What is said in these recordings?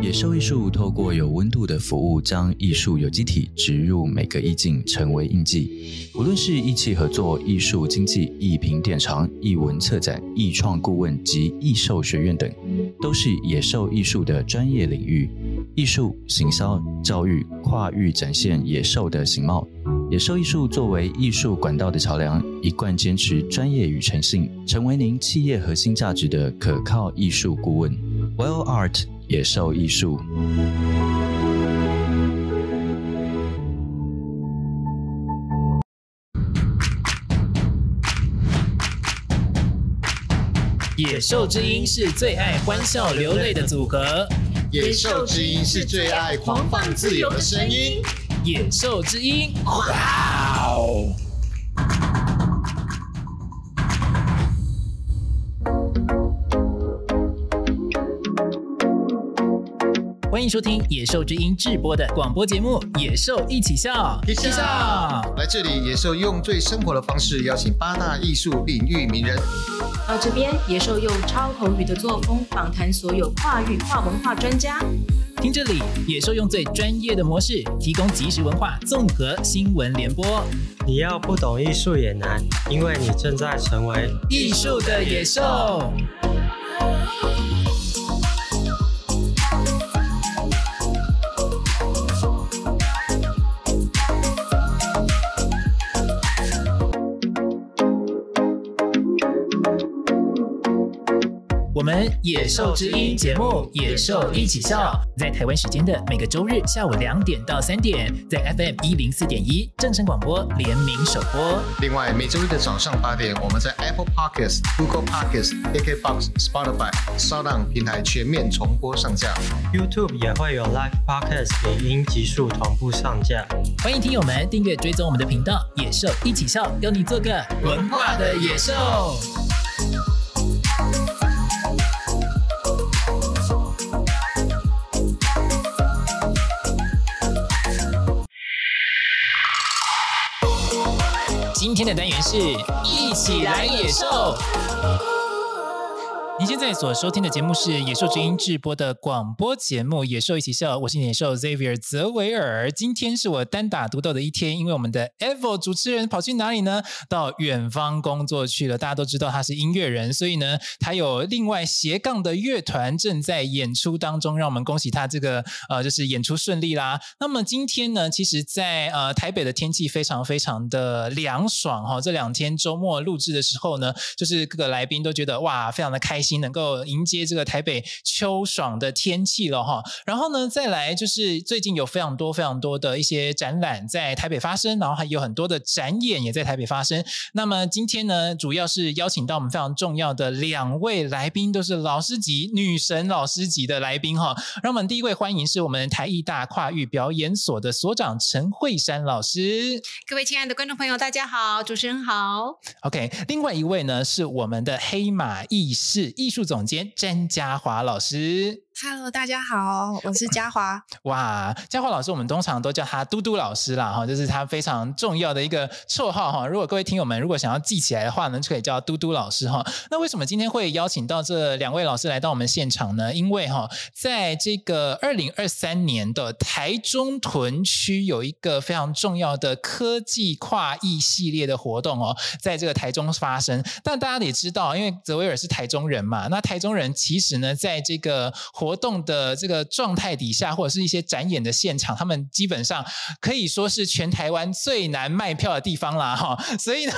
野獸藝術透過有溫度的服務，將藝術有機體植入每個意境，成為印記。無論是藝企合作、藝術經濟、藝品殿堂、藝文策展、藝創顧問及藝獸學院等，都是野獸藝術的專業領域。藝術、行銷、教育、跨域展現野獸的形貌。野獸藝術作為藝術管道的橋梁，一貫堅持專業與誠信，成為您企業核心價值的可靠藝術顧問。Wild Art 野獸藝術。野獸之音是最愛歡笑流淚的組合，野獸之音是最愛狂放自由的聲音。野獸之音，哇，哇，歡迎收聽野獸之音製播的廣播節目《野獸一起笑》，一起笑！來這裡，野獸用最生活的方式邀請八大藝術領域名人。到這邊，野獸用超口語的作風訪談所有跨域跨文化專家。聽這裡，野獸用最專業的模式提供即時文化綜合新聞聯播。你要不懂藝術也難，因為你正在成為藝術的野獸。我們《野獸之音》節目《野獸一起笑》，在台灣時間的每個周日下午兩點到三點，在 FM 一零四點一正聲廣播聯名首播。另外，每周日的早上八點，我們在 Apple Podcasts、Google Podcasts、KKBOX、Spotify、SoundOn 平台全面重播上架。YouTube 也會有 Live Podcast 影音極速同步上架。歡迎聽友們訂閱追蹤我們的頻道《野獸一起笑》，邀你做個文化的野獸。今天的單元是藝起來野獸。您現在所收聽的節目是《野獸之音》製播的廣播節目《野獸一起笑》，我是野獸 Xavier 澤維爾。今天是我單打獨鬥的一天，因為我們的 Avo 主持人跑去哪裡呢？到遠方工作去了。大家都知道他是音樂人，所以呢，他有另外斜槓的樂團正在演出當中。讓我們恭喜他這個呃，就是演出順利啦。那麼今天呢，其實在，在呃台北的天氣非常非常的涼爽哈、哦。這兩天周末錄制的時候呢，就是各個來賓都覺得哇，非常的開心。能夠迎接這個台北秋爽的天氣了哈，然後呢，再來就是最近有非常多非常多的一些展覽在台北發生，然後還有很多的展演也在台北發生。那麼今天呢，主要是邀請到我們非常重要的兩位來賓，都是老師級女神、老師級的來賓哈。讓我們第一位歡迎是我們台藝大跨域表演所的所長陳慧珊老師。各位親愛的觀眾朋友，大家好，主持人好。OK，另外一位呢是我們的黑碼藝識，藝術總監詹嘉華老師。Hello，大家好，我是嘉華。哇，嘉華老師，我們通常都叫他嘟嘟老師啦，哈，就是他非常重要的一個綽號哈。如果各位聽友們如果想要記起來的話，呢，就可以叫嘟嘟老師哈。那為什麼今天會邀請到這兩位老師來到我們現場呢？因為哈，在這個二零二三年的台中屯區有一個非常重要的科技跨藝系列的活動哦，在這個台中發生。但大家也知道，因為澤維爾是台中人嘛，那台中人其實呢，在這個活動活動的這個狀態底下，或者是一些展演的現場，他們基本上可以說是全台灣最難賣票的地方啦，哈。所以呢，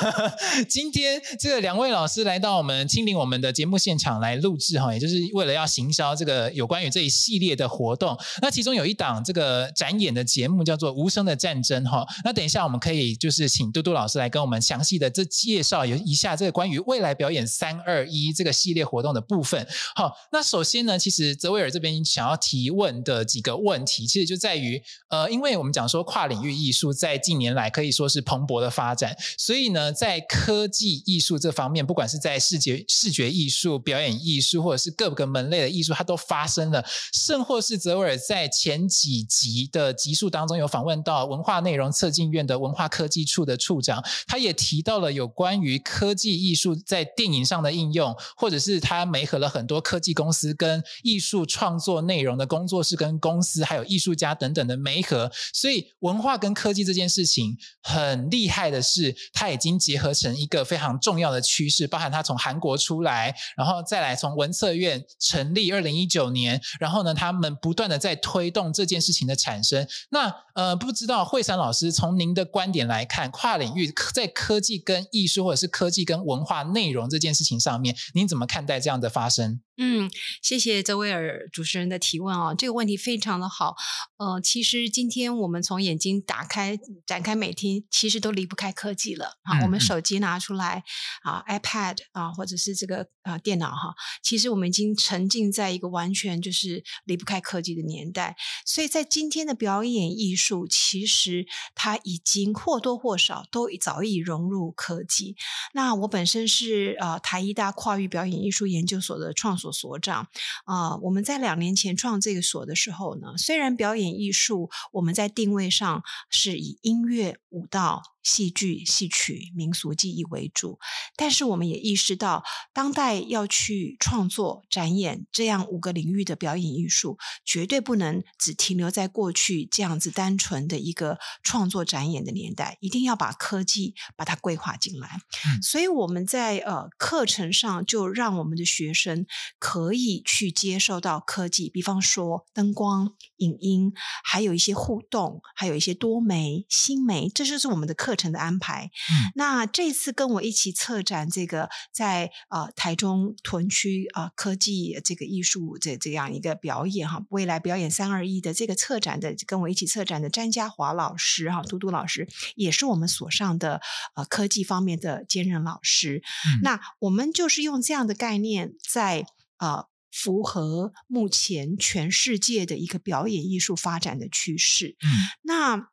今天這個兩位老師來到我們親臨我們的節目現場來錄制，哈，也就是為了要行銷這個有關於這一系列的活動。那其中有一檔這個展演的節目叫做《無聲的戰爭》，哈。那等一下我們可以就是請嘟嘟老師來跟我們詳細的這介紹有一下這個關於未來表演三二一這個系列活動的部分。好，那首先呢，其實威爾這邊想要提問的幾個問題，其實就在於，呃，因為我們講說跨領域藝術在近年來可以說是蓬勃的發展，所以呢，在科技藝術這方面，不管是在視覺視覺藝術、表演藝術，或者是各個門類的藝術，它都發生了。甚或是澤威爾在前幾集的集數當中有訪問到文化內容策進院的文化科技處的處長，他也提到了有關於科技藝術在電影上的應用，或者是他媒合了很多科技公司跟藝術。創作內容的工作室跟公司，還有藝術家等等的媒合，所以文化跟科技這件事情很厲害的是，它已經結合成一個非常重要的趨勢。包含他從韓國出來，然後再來從文策院成立二零一九年，然後呢，他們不斷的在推動這件事情的產生。那呃，不知道慧珊老師從您的觀點來看，跨領域在科技跟藝術，或者是科技跟文化內容這件事情上面，您怎麼看待這樣的發生？嗯，謝謝周薇爾。主持人的提問啊、哦，這個問題非常的好。呃，其實今天我們從眼睛打開展開每天，其實都離不開科技了、嗯、啊。我們手機拿出來啊，iPad 啊，或者是這個啊電腦哈、啊，其實我們已經沉浸在一個完全就是離不開科技的年代。所以在今天的表演藝術，其實它已經或多或少都早已融入科技。那我本身是呃台藝大跨域表演藝術研究所的創所所長啊、呃，我們。在兩年前創這個所的時候呢，雖然表演藝術我們在定位上是以音樂、舞蹈、戲劇、戲曲、民俗技藝為主，但是我們也意識到，當代要去創作、展演這樣五個領域的表演藝術，絕對不能只停留在過去這樣子單純的一個創作、展演的年代，一定要把科技把它規劃進來。嗯。所以我們在呃課程上，就讓我們的學生可以去接受到科技，比方說燈光、影音，還有一些互動，還有一些多媒、新媒，這就是我們的課。課程的安排，嗯、那這次跟我一起策展這個在啊、呃、台中屯區啊、呃、科技這個藝術這這樣一個表演哈、啊、未來表演三二一的這個策展的跟我一起策展的詹嘉華老師哈、啊、嘟嘟老師也是我們所上的呃科技方面的兼任老師，嗯、那我們就是用這樣的概念在啊、呃、符合目前全世界的一個表演藝術發展的趨勢，嗯，那。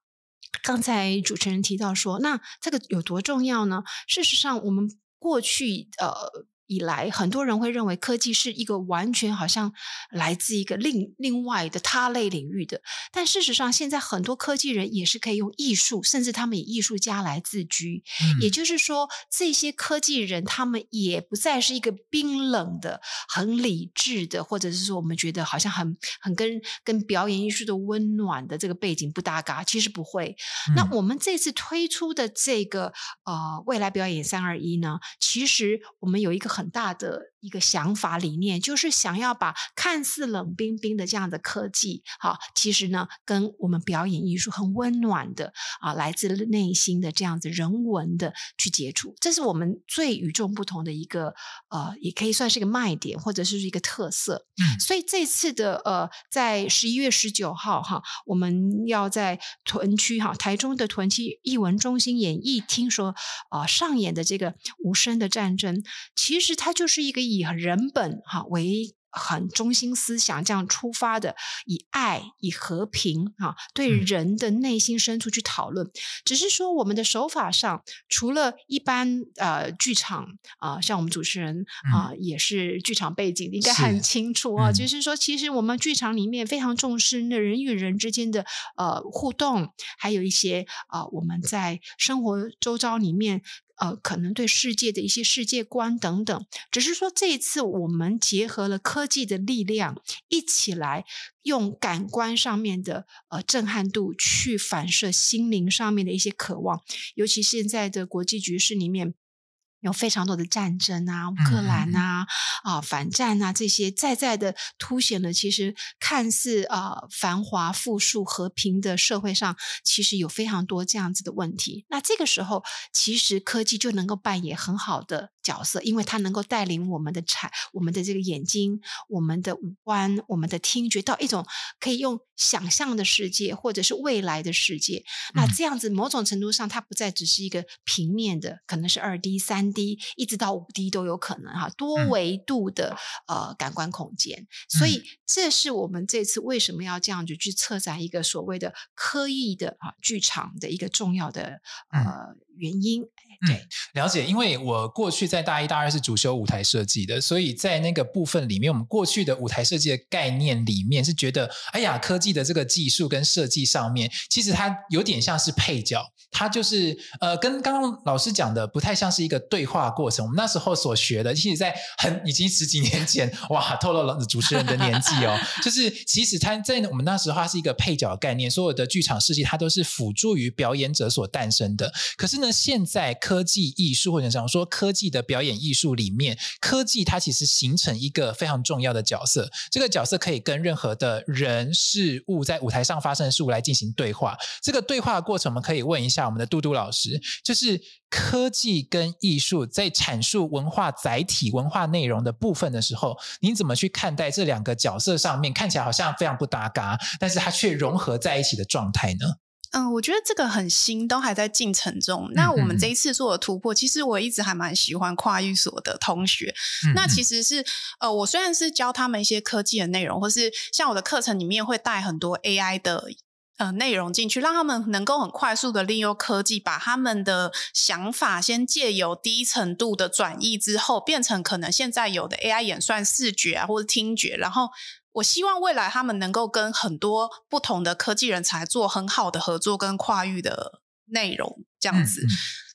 剛才主持人提到說，那這個有多重要呢？事實上我們過去呃。以來，很多人會認為科技是一個完全好像來自一個另另外的他類領域的。但事實上，現在很多科技人也是可以用藝術，甚至他們以藝術家來自居。嗯、也就是說，這些科技人他們也不再是一個冰冷的、很理智的，或者是說我們覺得好像很很跟跟表演藝術的溫暖的這個背景不搭嘎。其實不會。嗯、那我們這次推出的這個呃未來表演三二一呢，其實我們有一個很很大的，一個想法理念，就是想要把看似冷冰冰的這樣的科技，哈、啊，其實呢，跟我們表演藝術很溫暖的啊，來自內心的這樣子人文的去接觸，這是我們最與眾不同的一個呃，也可以算是一個賣點，或者是一個特色。嗯，所以這次的呃，在十一月十九號哈、啊，我們要在屯區哈、啊，台中的屯區藝文中心演藝廳說啊、呃、上演的這個《無聲的戰爭》，其實它就是一個。以人本哈、啊、為很中心思想這樣出發的，以愛、以和平哈、啊、對人的內心深處去討論。嗯、只是說我們的手法上，除了一般呃劇場啊、呃，像我們主持人啊，呃嗯、也是劇場背景，應該很清楚是啊。就是說，其實我們劇場裡面非常重視那人與人之間的呃互動，還有一些啊、呃，我們在生活周遭裡面。呃，可能對世界的一些世界觀等等，只是說，這一次我們結合了科技的力量，一起來用感官上面的呃震撼度去反射心靈上面的一些渴望，尤其現在的國際局勢裡面。有非常多的戰爭啊，烏克蘭啊，嗯、啊反戰啊，這些在在的凸顯了，其實看似啊繁華富庶和平的社會上，其實有非常多這樣子的問題。那這個時候，其實科技就能夠扮演很好的。角色，因為它能夠帶領我們的產、我們的這個眼睛、我們的五官、我們的聽覺到一種可以用想象的世界，或者是未來的世界。嗯、那這樣子，某種程度上，它不再只是一個平面的，可能是二 D、三 D，一直到五 D 都有可能哈，多維度的呃感官空間。嗯、所以，這是我們這次為什麼要這樣子去策展一個所謂的科藝的哈劇場的一個重要的、嗯、呃。原因，對、嗯，了解，因為我過去在大一、大二是主修舞台設計的，所以在那個部分裡面，我們過去的舞台設計的概念裡面是覺得，哎呀，科技的這個技術跟設計上面，其實它有點像是配角，它就是呃，跟剛剛老師講的不太像是一個對話過程。我們那時候所學的，其實，在很已經十幾年前，哇，透露了主持人的年紀哦， 就是其實它在我們那時候它是一個配角概念，所有的劇場設計它都是輔助於表演者所誕生的，可是。那現在科技藝術或者講說科技的表演藝術裡面，科技它其實形成一個非常重要的角色。這個角色可以跟任何的人事物在舞台上發生的事物來進行對話。這個對話的過程，我們可以問一下我們的嘟嘟老師，就是科技跟藝術在闡述文化載體、文化內容的部分的時候，你怎麼去看待這兩個角色上面，看起來好像非常不搭嘎，但是它卻融合在一起的狀態呢？嗯，我覺得這個很新，都還在進程中。那我們這一次做的突破，嗯、哼其實我一直還蠻喜歡跨域所的同學。嗯、哼那其實是，呃，我雖然是教他們一些科技的內容，或是像我的課程裡面會帶很多 AI 的呃內容進去，讓他們能夠很快速地利用科技，把他們的想法先借由低程度的轉移之後，變成可能現在有的 AI 演算視覺啊，或是聽覺，然後。我希望未來他們能夠跟很多不同的科技人才做很好的合作，跟跨域的內容這樣子。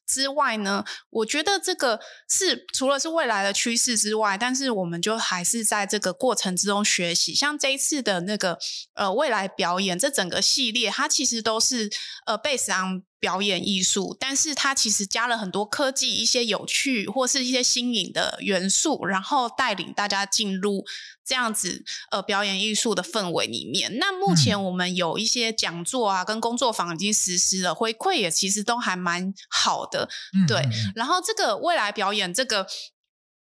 之外呢，我覺得這個是除了是未來的趨勢之外，但是我們就還是在這個過程之中學習。像這一次的那個呃未來表演，這整個系列它其實都是呃 based on 表演藝術，但是它其實加了很多科技一些有趣或是一些新穎的元素，然後帶領大家進入。這樣子，呃，表演藝術的氛圍裡面，那目前我們有一些講座啊，嗯、跟工作坊已經實施了，回饋也其實都還蠻好的，嗯嗯對。然後這個未來表演這個。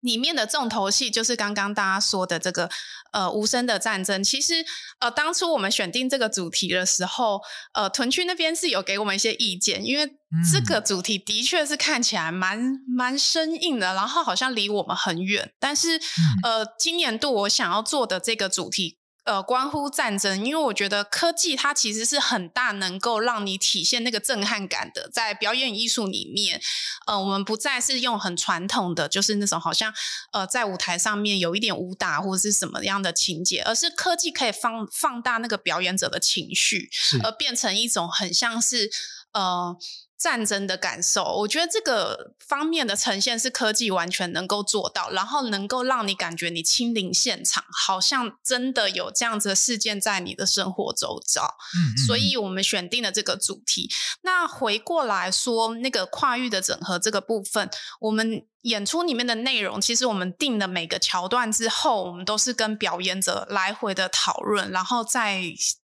裡面的重頭戲就是剛剛大家說的這個，呃，無聲的戰爭。其實，呃，當初我們選定這個主題的時候，呃，屯區那邊是有給我們一些意見，因為這個主題的確是看起來蠻蠻生硬的，然後好像離我們很遠。但是，嗯、呃，今年度我想要做的這個主題。呃，關乎戰爭，因為我覺得科技它其實是很大能夠讓你體現那個震撼感的，在表演藝術裡面，呃，我們不再是用很傳統的，就是那種好像呃，在舞台上面有一點武打或者是什麼樣的情節，而是科技可以放放大那個表演者的情緒，是而變成一種很像是。呃，戰爭的感受，我覺得這個方面的呈現是科技完全能夠做到，然後能夠讓你感覺你親臨現場，好像真的有這樣子的事件在你的生活周遭。嗯嗯嗯。所以我們選定了這個主題。那回過來說，那個跨域的整合這個部分，我們演出裡面的內容，其實我們定了每個橋段之後，我們都是跟表演者來回的討論，然後再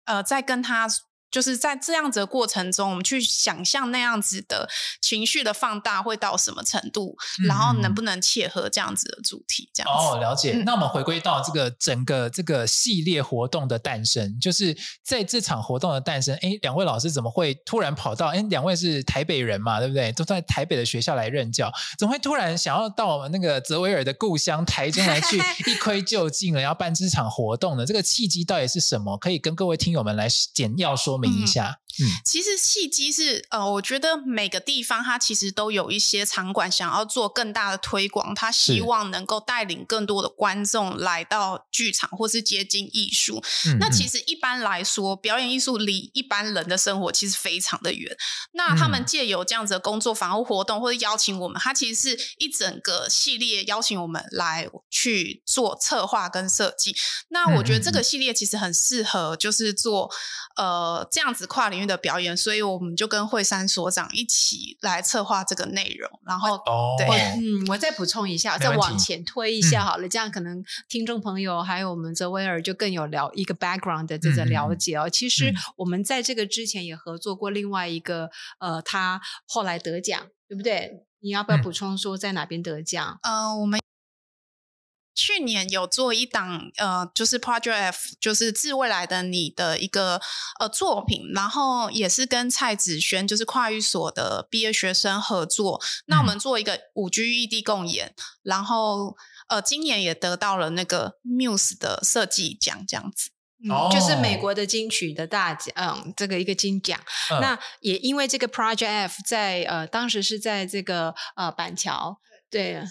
呃再跟他。就是在這樣子的過程中，我們去想象那樣子的情緒的放大會到什麼程度，嗯、然後能不能切合這樣子的主題？這樣哦，了解。嗯、那我們回歸到這個整個這個系列活動的誕生，哦、就是在這場活動的誕生，哎、欸，兩位老師怎麼會突然跑到？哎、欸，兩位是台北人嘛，對不對？都在台北的學校來任教，怎麼會突然想要到我們那個澤維爾的故鄉台中來去 一窺究竟了，要辦這場活動呢？這個契機到底是什麼？可以跟各位聽友們來簡要說嗎？問，嗯嗯，一下。嗯、其實契機是，呃，我覺得每個地方它其實都有一些場館想要做更大的推廣，它希望能夠帶領更多的觀眾來到劇場或是接近藝術。嗯、那其實一般來說，嗯、表演藝術離一般人的生活其實非常的遠。那他們借由這樣子的工作、嗯、坊或活動，或者邀請我們，它其實是一整個系列邀請我們來去做策劃跟設計。那我覺得這個系列其實很適合，就是做、嗯、呃這樣子跨領域。的表演，所以我們就跟慧珊所長一起來策劃這個內容，然後哦，What? 對，嗯，我再補充一下，再往前推一下好了，嗯、這樣可能聽眾朋友還有我們澤維爾就更有了一個 background 的這個了解哦。嗯、其實我們在這個之前也合作過另外一個，呃，他後來得獎，對不對？你要不要補充說在哪邊得獎？嗯、呃，我們。去年有做一檔呃，就是 Project F，就是致未來的你的一個呃作品，然後也是跟蔡子軒，就是跨域所的畢業學生合作。那我們做一個五 G 異地共演，然後呃，今年也得到了那個 Muse 的設計獎，這樣子。嗯，就是美國的金曲的大獎，嗯，這個一個金獎。嗯。那也因為這個 Project F，在呃，當時是在這個呃板橋，對。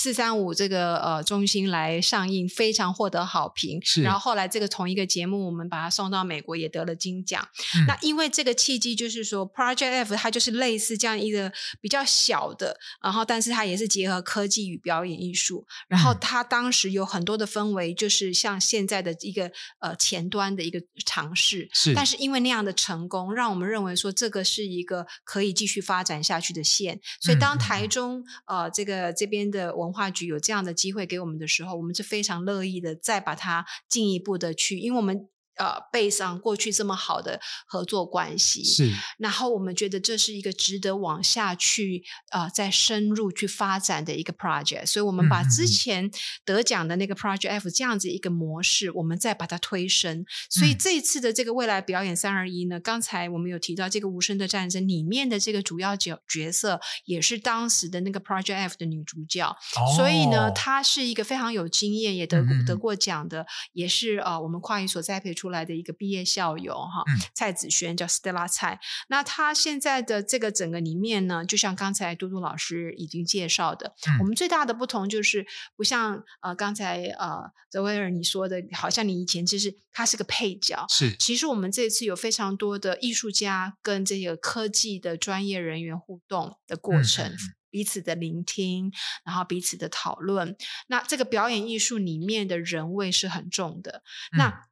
四三五這個呃中心來上映，非常獲得好評。是，然後後來這個同一個節目，我們把它送到美國，也得了金獎。嗯、那因為這個契機，就是說 Project F 它就是類似這樣一個比較小的，然後但是它也是結合科技與表演藝術。然後它當時有很多的氛圍，就是像現在的一個呃前端的一個嘗試。是，但是因為那樣的成功，讓我們認為說這個是一個可以繼續發展下去的線。所以當台中、嗯、呃這個這邊的我。文化局有這樣的機會給我們的時候，我們是非常樂意的，再把它進一步的去，因為我們。呃，Based on 過去這麼好的合作關係，是。然後我們覺得這是一個值得往下去呃，再深入去發展的一個 project，所以，我們把之前得獎的那個 project F 這樣子一個模式，嗯嗯我們再把它推升。所以這一次的這個未來表演三二一呢，嗯、剛才我們有提到這個《無聲的戰爭》裡面的這個主要角角色，也是當時的那個 project F 的女主角，哦、所以呢，她是一個非常有經驗，也得嗯嗯得過獎的，也是呃，我們跨域所栽培出來的。出來的一個畢業校友哈，嗯、蔡子軒叫 Stella 蔡。那她現在的這個整個裡面呢，就像剛才嘟嘟老師已經介紹的，嗯、我們最大的不同就是不像呃剛才呃澤威爾你說的，好像你以前就是他是個配角。是，其實我們這次有非常多的藝術家跟這個科技的專業人員互動的過程，嗯、彼此的聆聽，然後彼此的討論。那這個表演藝術裡面的人味是很重的。嗯、那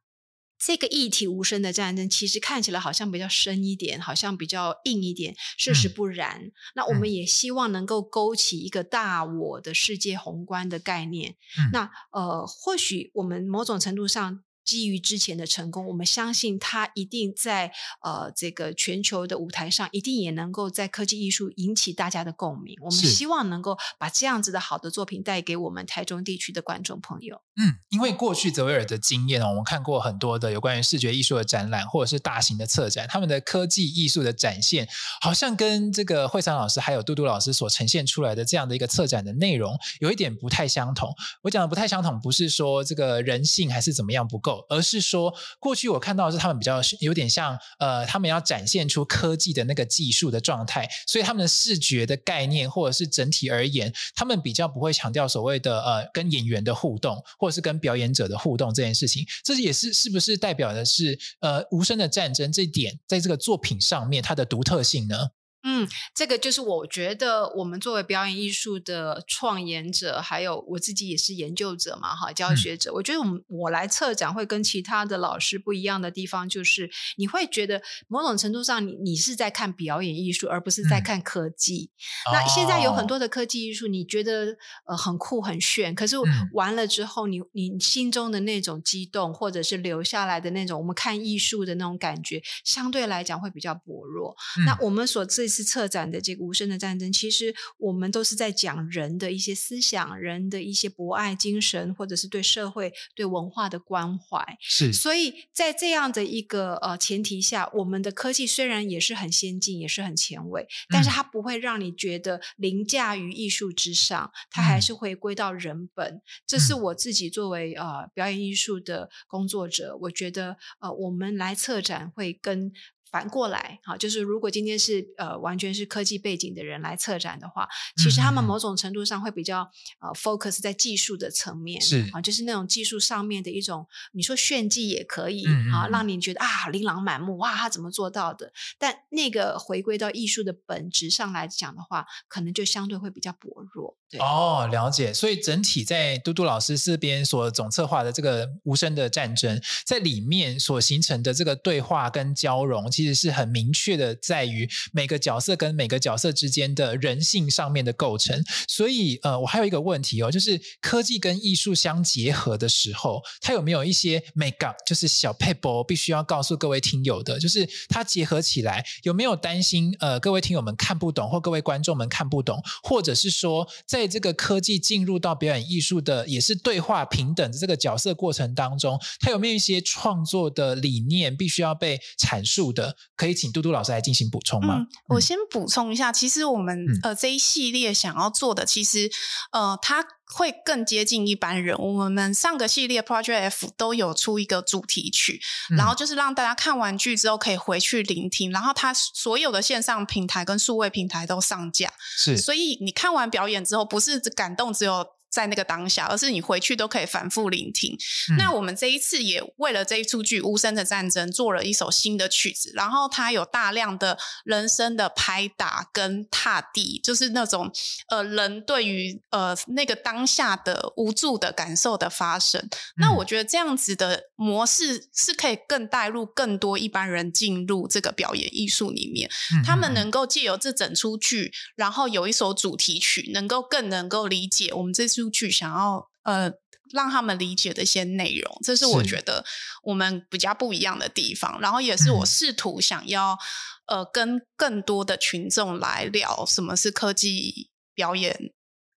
這個議題無聲的戰爭，其實看起來好像比較深一點，好像比較硬一點。事實不然，嗯、那我們也希望能夠勾起一個大我的世界宏觀的概念。嗯、那呃，或許我們某種程度上。基於之前的成功，我們相信他一定在呃這個全球的舞台上，一定也能夠在科技藝術引起大家的共鳴。我們希望能夠把這樣子的好的作品帶給我們台中地區的觀眾朋友。嗯，因為過去澤維爾的經驗哦，我們看過很多的有關於視覺藝術的展覽或者是大型的策展，他們的科技藝術的展現好像跟這個慧珊老師還有嘟嘟老師所呈現出來的這樣的一個策展的內容有一點不太相同。我講的不太相同，不是說這個人性還是怎麼樣不夠。而是說，過去我看到的是他們比較有點像，呃，他們要展現出科技的那個技術的狀態，所以他們的視覺的概念或者是整體而言，他們比較不會強調所謂的呃跟演員的互動或者是跟表演者的互動這件事情。這也是是不是代表的是呃無聲的戰爭這一點在這個作品上面它的獨特性呢？嗯，這個就是我覺得我們作為表演藝術的創演者，還有我自己也是研究者嘛，哈，教學者。嗯、我覺得我們我來策展會跟其他的老師不一樣的地方，就是你會覺得某種程度上你，你你是在看表演藝術，而不是在看科技。嗯、那現在有很多的科技藝術，你覺得呃很酷很炫，可是完了之後你，你你心中的那種激動，或者是留下來的那種我們看藝術的那種感覺，相對來講會比較薄弱。嗯、那我們所自己是策展的這個無聲的戰爭，其實我們都是在講人的一些思想，人的一些博愛精神，或者是對社會、對文化的關懷。是，所以在這樣的一個呃前提下，我們的科技雖然也是很先進，也是很前衛，嗯、但是它不會讓你覺得凌駕於藝術之上，它還是回歸到人本。嗯、這是我自己作為呃表演藝術的工作者，我覺得呃我們來策展會跟。反過來啊，就是如果今天是呃完全是科技背景的人來策展的話，嗯嗯其實他們某種程度上會比較呃 focus 在技術的層面，是啊，就是那種技術上面的一種，你說炫技也可以啊，嗯嗯讓你覺得啊琳琅滿目哇，他怎麼做到的？但那個回歸到藝術的本質上來講的話，可能就相對會比較薄弱。對哦，了解。所以整體在嘟嘟老師這邊所總策劃的這個《無聲的戰爭》在裡面所形成的這個對話跟交融，其實是很明確的，在於每個角色跟每個角色之間的人性上面的構成。所以，呃，我還有一個問題哦，就是科技跟藝術相結合的時候，它有沒有一些美感？就是小撇步必須要告訴各位聽友的，就是它結合起來有沒有擔心？呃，各位聽友們看不懂，或各位觀眾們看不懂，或者是說在這個科技進入到表演藝術的，也是對話平等的這個角色過程當中，它有沒有一些創作的理念必須要被闡述的？可以請嘟嘟老師來進行補充嗎？嗯，我先補充一下，嗯，其實我們呃這一系列想要做的，其實呃它。會更接近一般人，我們上個系列 Project F 都有出一個主題曲，嗯、然後就是讓大家看完劇之後可以回去聆聽，然後它所有的線上平台跟數位平台都上架。是，所以你看完表演之後，不是感動只有。在那個當下，而是你回去都可以反覆聆聽。嗯、那我們這一次也為了這一出劇《無聲的戰爭》做了一首新的曲子，然後它有大量的人聲的拍打跟踏地，就是那種呃人對於呃那個當下的無助的感受的發生。嗯、那我覺得這樣子的模式是可以更帶入更多一般人進入這個表演藝術裡面，嗯嗯他們能夠借由這整出劇，然後有一首主題曲，能夠更能夠理解我們這次。去想要呃讓他們理解的一些內容，這是我覺得我們比較不一樣的地方，是然後也是我試圖想要、嗯、呃跟更多的群眾來聊什麼是科技表演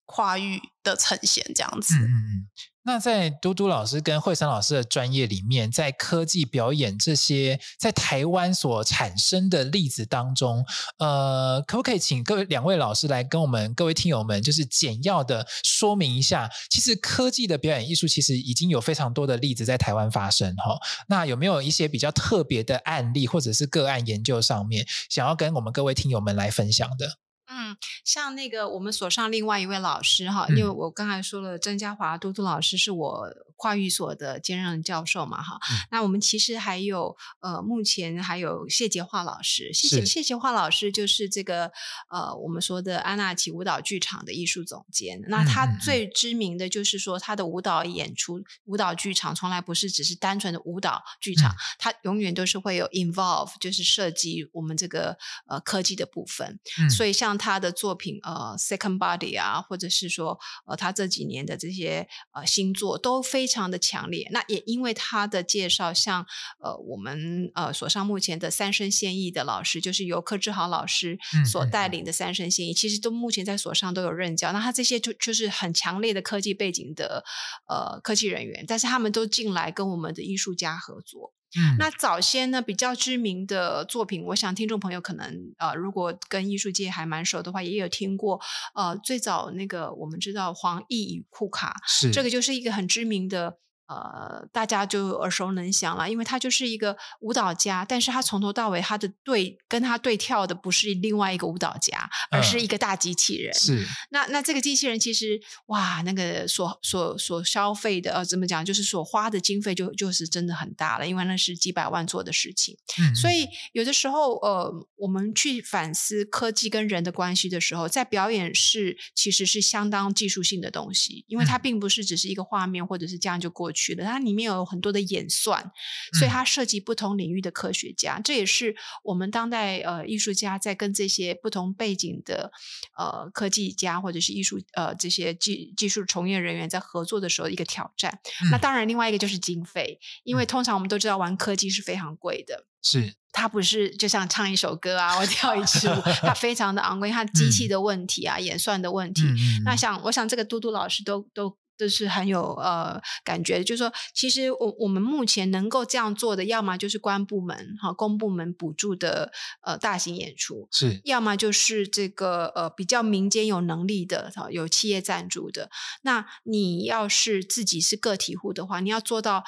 跨域的呈現這樣子。嗯那在嘟嘟老師跟慧珊老師的專業裡面，在科技表演這些在台灣所產生的例子當中，呃，可不可以請各位兩位老師來跟我們各位聽友們，就是簡要的說明一下，其實科技的表演藝術其實已經有非常多的例子在台灣發生哈。那有沒有一些比較特別的案例或者是個案研究上面，想要跟我們各位聽友們來分享的？嗯，像那個我們所上另外一位老師哈，嗯、因為我剛才說了詹嘉華嘟嘟老師是我跨域所的兼任教授嘛，哈。嗯、那我們其實還有呃，目前還有謝杰樺老師。謝是謝，謝杰樺老師就是這個呃，我們說的安娜琪舞蹈劇場的藝術總監。那他最知名的就是說他的舞蹈演出，嗯嗯，舞蹈劇場從來不是只是單純的舞蹈劇場，嗯、他永遠都是會有 involve，就是涉及我們這個呃科技的部分。嗯、所以像他的作品呃，Second Body 啊，或者是說呃，他這幾年的這些呃新作都非。非常的強烈，那也因為他的介紹像，像呃我們呃所上目前的三牲獻藝的老師，就是由柯智豪老師所帶領的三牲獻藝，嗯嗯、其實都目前在所上都有任教。那他這些就就是很強烈的科技背景的呃科技人員，但是他們都進來跟我們的藝術家合作。嗯，那早先呢，比較知名的作品，我想聽眾朋友可能呃，如果跟藝術界還蠻熟的話，也有聽過。呃，最早那個我們知道黃翊與庫卡，是這個就是一個很知名的。呃，大家就耳熟能詳了，因為他就是一個舞蹈家，但是他從頭到尾，他的對跟他對跳的不是另外一個舞蹈家，而是一個大機器人。呃、是。那那這個機器人其實，哇，那個所所所消費的，呃，怎麼講，就是所花的經費就就是真的很大了，因為那是幾百萬做的事情。嗯、所以有的時候，呃，我們去反思科技跟人的關係的時候，在表演是其實是相當技術性的東西，因為它並不是只是一個畫面或者是這樣就過去去了，它裡面有很多的演算，所以它涉及不同領域的科學家。嗯、這也是我們當代呃藝術家在跟這些不同背景的呃科技家，或者是藝術呃這些技技術從業人員在合作的時候一個挑戰。嗯、那當然，另外一個就是經費，因為通常我們都知道玩科技是非常貴的。是，它、嗯、不是就像唱一首歌啊，我跳一支舞，它 非常的昂貴。它機器的問題啊，嗯、演算的問題。嗯嗯、那想，我想這個嘟嘟老師都都。這是很有呃感覺，就是說，其實我我們目前能夠這樣做的，要麼就是官部門哈，公部門補助的呃大型演出，是；要麼就是這個呃比較民間有能力的哈，有企業贊助的。那你要是自己是個體戶的話，你要做到。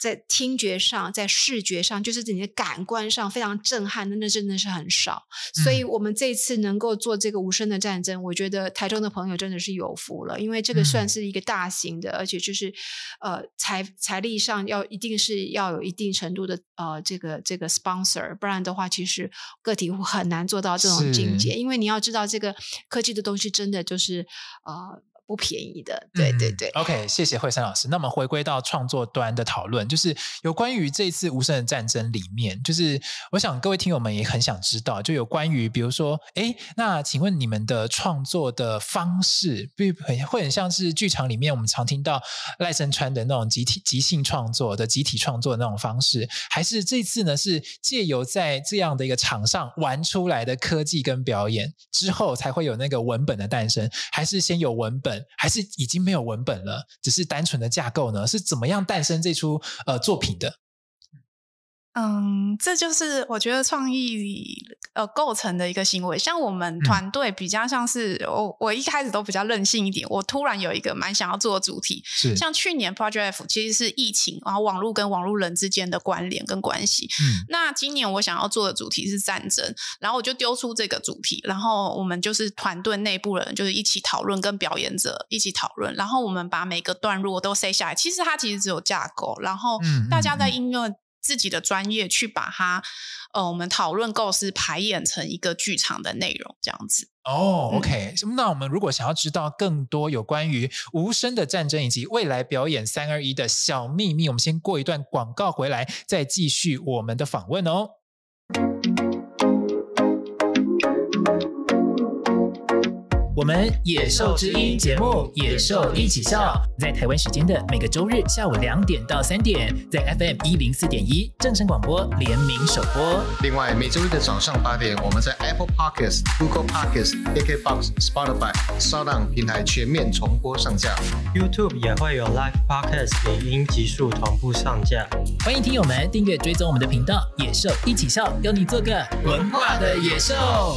在聽覺上，在視覺上，就是你的感官上非常震撼的，那那真的是很少。所以我們這一次能夠做這個無聲的戰爭，嗯、我覺得台中的朋友真的是有福了，因為這個算是一個大型的，嗯、而且就是，呃，財財力上要一定是要有一定程度的呃，這個這個 sponsor，不然的話，其實個體戶很難做到這種境界，是因為你要知道，這個科技的東西真的就是呃。不便宜的，對對對。嗯、OK，謝謝慧珊老師。那我們回歸到創作端的討論，就是有關於這次無聲的戰爭裡面，就是我想各位聽友們也很想知道，就有關於比如說，哎，那請問你們的創作的方式，會很會很像是劇場裡面我們常聽到賴聲川的那種集體即興創作的集體創作的那種方式，還是這次呢是借由在這樣的一個場上玩出來的科技跟表演之後，才會有那個文本的誕生，還是先有文本？還是已經沒有文本了，只是單純的架構呢？是怎麼樣誕生這出呃作品的？嗯，這就是我覺得創意呃構成的一個行為。像我們團隊比較像是我，嗯、我一開始都比較任性一點。我突然有一個蠻想要做的主題，是像去年 Project F 其實是疫情，然後網絡跟網絡人之間的關聯跟關係。嗯、那今年我想要做的主題是戰爭，然後我就丟出這個主題，然後我們就是團隊內部人就是一起討論，跟表演者一起討論，然後我們把每個段落都塞下來。其實它其實只有架構，然後大家在應用。自己的專業去把它，呃，我們討論構思排演成一個劇場的內容，這樣子。哦、oh，OK，嗯，那我們如果想要知道更多有關於無聲的戰爭以及未來表演三二一的小秘密，我們先過一段廣告回來，再繼續我們的訪問哦。我們《野獸之音》節目《野獸一起笑》，在臺灣時間的每個周日下午兩點到三點，在 FM 一零四點一正聲廣播聯名首播。另外，每周日的早上八點，我們在 Apple Podcasts、Google Podcasts、KKBox、Spotify、SoundOn 平台全面重播上架。YouTube 也會有 Live Podcast 影音極速同步上架。歡迎聽友們訂閱追蹤我們的頻道《野獸一起笑》，邀你做個文化的野獸。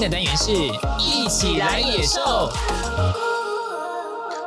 現在單元是藝起來野獸，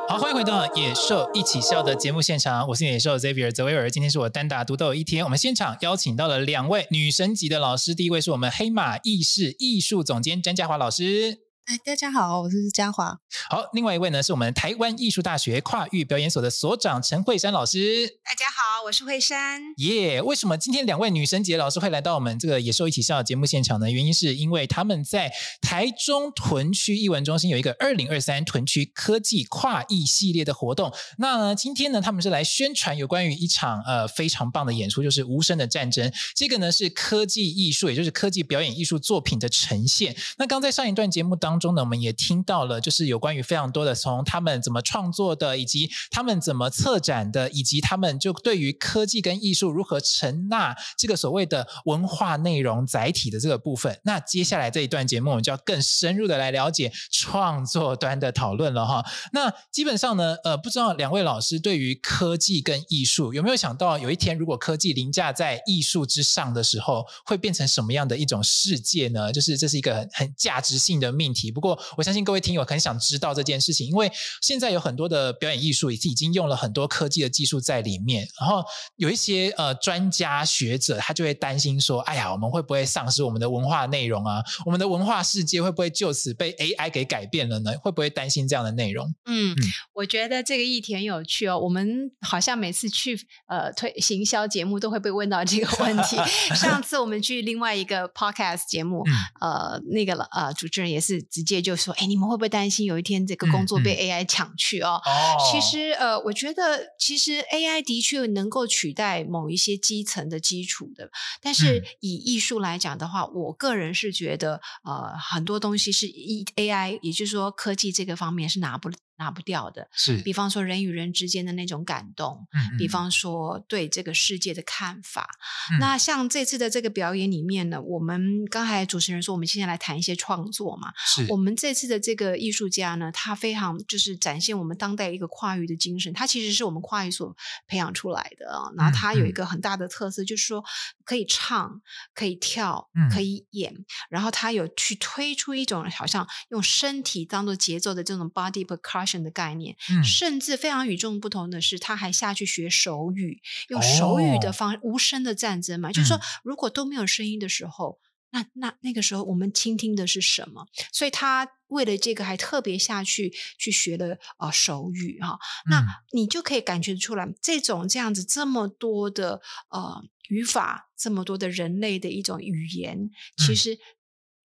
好，歡迎回到野獸一起笑的節目現場，我是你的野獸 Xavier，Xavier，今天是我單打獨鬥一天，我們現場邀請到了兩位女神級的老師，第一位是我們黑碼藝識藝術總監詹嘉華老師。哎，大家好，我是嘉華。好，另外一位呢，是我們台灣藝術大學跨域表演所的所長陳慧珊老師。大家好，我是慧珊。耶，yeah, 為什麼今天兩位女神節老師會來到我們這個野獸一起笑的節目現場呢？原因是因為他們在台中屯區藝文中心有一個二零二三屯區科技跨藝系列的活動。那今天呢，他們是來宣傳有關於一場呃非常棒的演出，就是《無聲的戰爭》。這個呢是科技藝術，也就是科技表演藝術作品的呈現。那剛在上一段節目當中。當中呢，我們也聽到了，就是有關於非常多的從他們怎麼創作的，以及他們怎麼策展的，以及他們就對於科技跟藝術如何承納這個所謂的文化內容載體的這個部分。那接下來這一段節目，我們就要更深入的來了解創作端的討論了哈。那基本上呢，呃，不知道兩位老師對於科技跟藝術有沒有想到，有一天如果科技凌駕在藝術之上的時候，會變成什麼樣的一種世界呢？就是這是一個很，很價值性的命題。不過，我相信各位聽友很想知道這件事情，因為現在有很多的表演藝術也已經用了很多科技的技術在裡面。然後有一些呃專家學者，他就會擔心說：“哎呀，我們會不會喪失我們的文化的內容啊？我們的文化世界會不會就此被 AI 給改變了呢？會不會擔心這樣的內容？”嗯，嗯，我覺得這個議題很有趣哦。我們好像每次去呃推行銷節目都會被問到這個問題。 是上次我們去另外一個 podcast 節目，嗯、呃，那個呃主持人也是。直接就說，哎、欸，你們會不會擔心有一天這個工作被 AI 搶去哦？嗯嗯、哦。其實，呃，我覺得，其實 AI 的確能夠取代某一些基層的基礎的，但是以藝術來講的話，我個人是覺得，呃，很多東西是 AI，也就是說科技這個方面是拿不拿不掉的，是比方說人與人之間的那種感動，嗯，嗯，比方說對這個世界的看法。嗯、那像這次的這個表演裡面呢，我們剛才主持人說，我們現在來談一些創作嘛，是。我們這次的這個藝術家呢，他非常就是展現我們當代一個跨域的精神，他其實是我們跨域所培養出來的啊、哦。然後他有一個很大的特色，嗯嗯就是說可以唱、可以跳、可以演。嗯、然後他有去推出一種好像用身體當做節奏的這種 body percussion。的概念，嗯、甚至非常與眾不同的是，他還下去學手語，用手語的方式、哦、無聲的戰爭嘛？嗯、就是說，如果都沒有聲音的時候，那那那個時候我們傾聽、聽的是什麼？所以，他為了這個，還特別下去去學了啊、呃，手語哈。哦嗯、那你就可以感覺出來，這種這樣子這麼多的啊、呃，語法，這麼多的人類的一種語言，嗯、其實。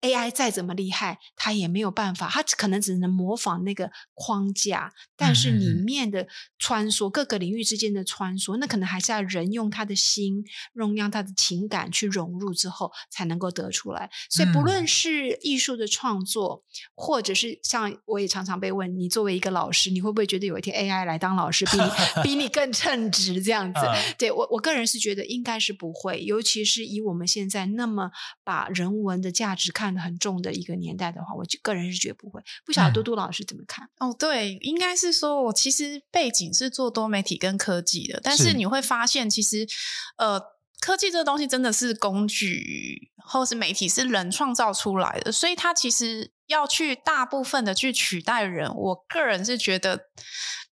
AI 再怎麼厲害，他也沒有辦法，他可能只能模仿那個框架，但是裡面的穿梭，嗯、各個領域之間的穿梭，那可能還是要人用他的心，用讓他的情感去融入之後，才能夠得出來。所以不論是藝術的創作，嗯、或者是像我也常常被問，你作為一個老師，你會不會覺得有一天 AI 來當老師比，比 比你更稱職這樣子？啊、對我，我個人是覺得應該是不會，尤其是以我們現在那麼把人文的價值看很重的一個年代的話，我就個人是覺得不會。不曉得嘟嘟老師怎麼看、嗯？哦，對，應該是說我其實背景是做多媒體跟科技的，但是你會發現，其實呃，科技這個東西真的是工具，或是媒體是人創造出來的，所以它其實要去大部分的去取代人。我個人是覺得。